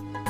you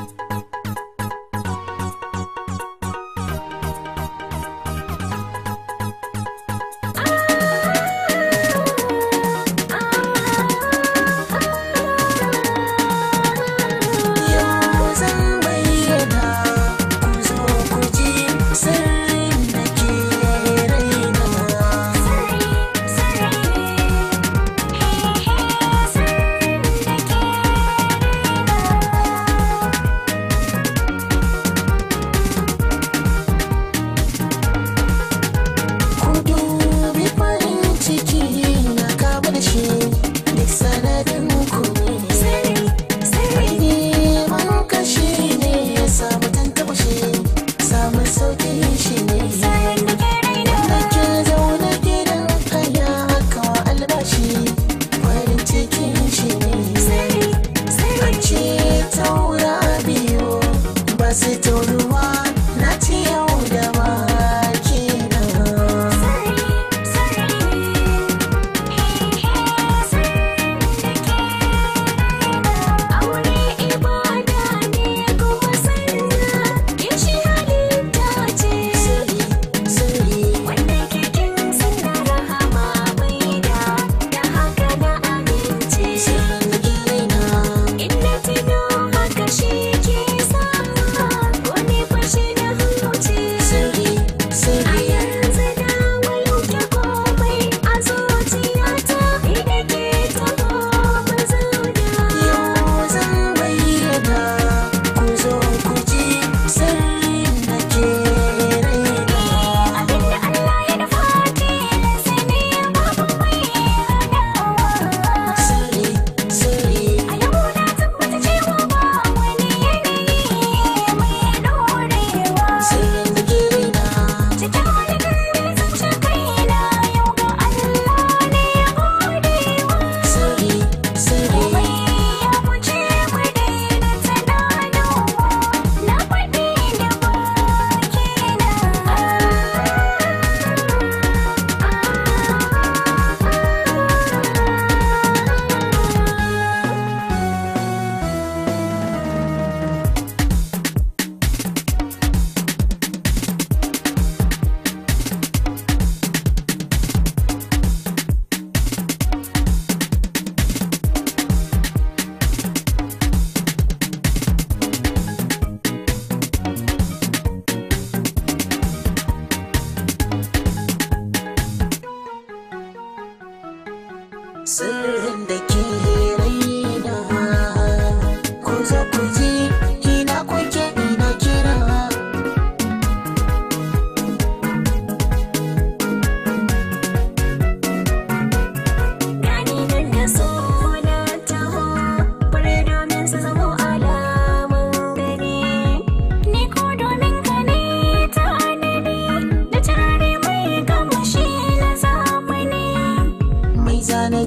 Sırrımdaki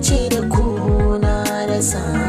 ci da kuna na rasa